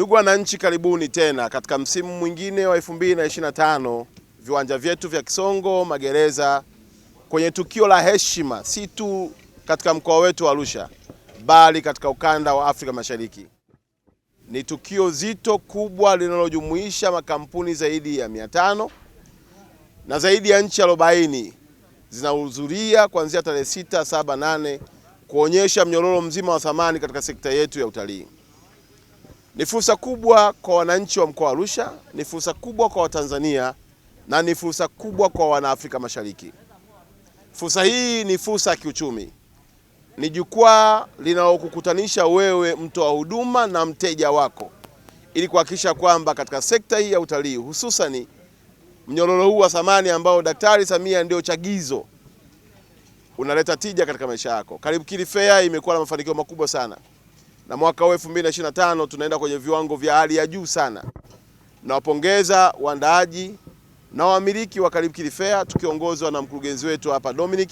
Ndugu wananchi, karibuni tena katika msimu mwingine wa 2025 viwanja vyetu vya Kisongo Magereza, kwenye tukio la heshima, si tu katika mkoa wetu wa Arusha, bali katika ukanda wa Afrika Mashariki. Ni tukio zito kubwa linalojumuisha makampuni zaidi ya 500 na zaidi ya nchi 40 zinahudhuria kuanzia tarehe 6, 7, 8 kuonyesha mnyororo mzima wa thamani katika sekta yetu ya utalii. Ni fursa kubwa kwa wananchi wa mkoa wa Arusha, ni fursa kubwa kwa Watanzania na ni fursa kubwa kwa wanaafrika Mashariki. Fursa hii ni fursa ya kiuchumi, ni jukwaa linalokukutanisha wewe mtoa huduma na mteja wako, ili kuhakikisha kwamba katika sekta hii ya utalii, hususani mnyororo huu wa thamani ambao Daktari Samia ndio chagizo, unaleta tija katika maisha yako. Karibu Kili Fair imekuwa na mafanikio makubwa sana na mwaka huu 2025 tunaenda kwenye viwango vya hali ya juu sana. Nawapongeza waandaaji na wamiliki wa Karibu Kili Fair tukiongozwa na mkurugenzi wetu hapa Dominic,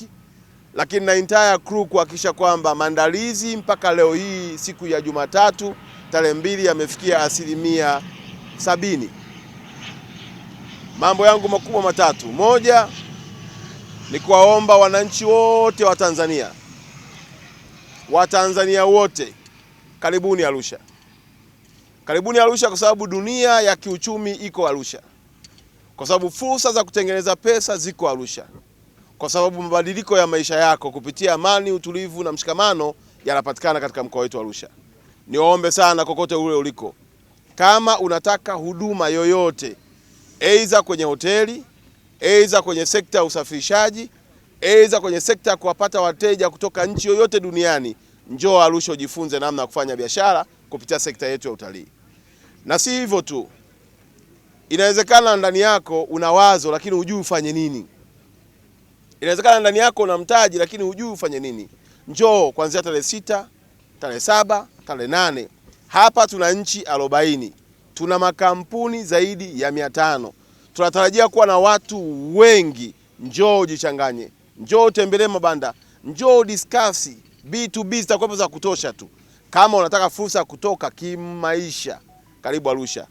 lakini na entire crew kuhakikisha kwamba maandalizi mpaka leo hii siku ya Jumatatu tarehe mbili yamefikia asilimia sabini. Mambo yangu makubwa matatu, moja ni kuwaomba wananchi wote wa Tanzania, Watanzania wote karibuni Arusha, karibuni Arusha kwa sababu dunia ya kiuchumi iko Arusha, kwa sababu fursa za kutengeneza pesa ziko Arusha, kwa sababu mabadiliko ya maisha yako kupitia amani, utulivu na mshikamano yanapatikana katika mkoa wetu Arusha. Niwaombe sana kokote ule uliko, kama unataka huduma yoyote, aidha kwenye hoteli, aidha kwenye sekta ya usafirishaji, aidha kwenye sekta ya kuwapata wateja kutoka nchi yoyote duniani njoo Arusha ujifunze namna ya kufanya biashara kupitia sekta yetu ya utalii. Na si hivyo tu, inawezekana ndani yako una wazo lakini hujui ufanye nini. Inawezekana ndani yako una mtaji lakini hujui ufanye nini. Njoo kuanzia tarehe sita, tarehe saba, tarehe nane. Hapa tuna nchi arobaini, tuna makampuni zaidi ya mia tano. Tunatarajia kuwa na watu wengi. Njoo ujichanganye, njoo utembelee mabanda, njoo discuss B2B zitakuwa za kutosha tu. Kama unataka fursa ya kutoka kimaisha, karibu Arusha.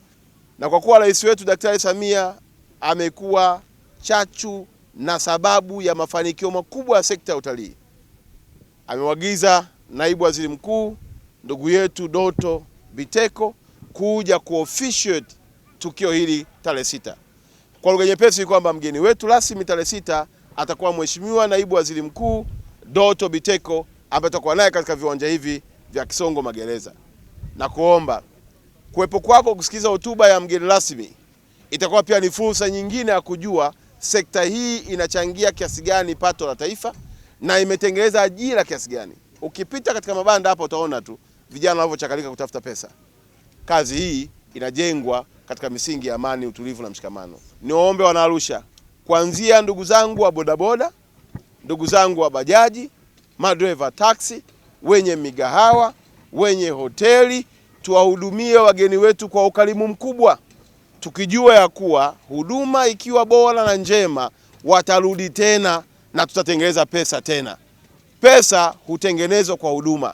Na kwa kuwa rais wetu Daktari Samia amekuwa chachu na sababu ya mafanikio makubwa ya sekta ya utalii, amewagiza naibu waziri mkuu ndugu yetu Doto Biteko kuja kuofficiate tukio hili tarehe sita. Kwa lugha nyepesi kwamba mgeni wetu rasmi tarehe sita atakuwa Mheshimiwa naibu waziri mkuu Doto Biteko ambaye tutakuwa naye katika viwanja hivi vya Kisongo Magereza, na kuomba kuwepo kwako kusikiza hotuba ya mgeni rasmi itakuwa pia ni fursa nyingine ya kujua sekta hii inachangia kiasi gani pato la taifa na imetengeneza ajira kiasi gani. Ukipita katika mabanda hapa utaona tu vijana wanavyochakalika kutafuta pesa. Kazi hii inajengwa katika misingi ya amani, utulivu na mshikamano. Niwaombe Wanaarusha, kuanzia ndugu zangu wa bodaboda, ndugu zangu wa bajaji madreva taxi, wenye migahawa, wenye hoteli, tuwahudumie wageni wetu kwa ukarimu mkubwa, tukijua ya kuwa huduma ikiwa bora na njema watarudi tena na tutatengeneza pesa tena. Pesa hutengenezwa kwa huduma,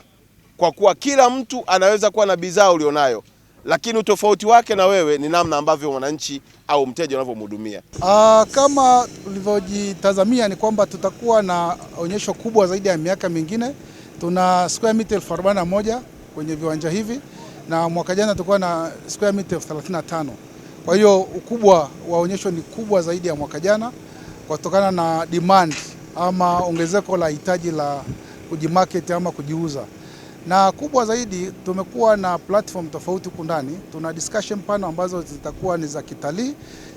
kwa kuwa kila mtu anaweza kuwa na bidhaa ulionayo lakini utofauti wake na wewe ni namna ambavyo mwananchi au mteja unavyomhudumia. Ah, kama ulivyojitazamia ni kwamba tutakuwa na onyesho kubwa zaidi ya miaka mingine. Tuna square meter elfu arobaini na moja kwenye viwanja hivi na mwaka jana tulikuwa na square meter elfu thelathini na tano. Kwa hiyo ukubwa wa onyesho ni kubwa zaidi ya mwaka jana kutokana na demand ama ongezeko la hitaji la kujimarket ama kujiuza na kubwa zaidi, tumekuwa na platform tofauti huku ndani. Tuna discussion panel ambazo zitakuwa ni za kitalii,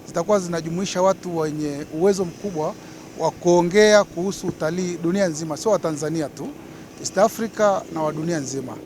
zitakuwa zinajumuisha watu wenye uwezo mkubwa wa kuongea kuhusu utalii dunia nzima, sio wa Tanzania tu, East Africa na wa dunia nzima.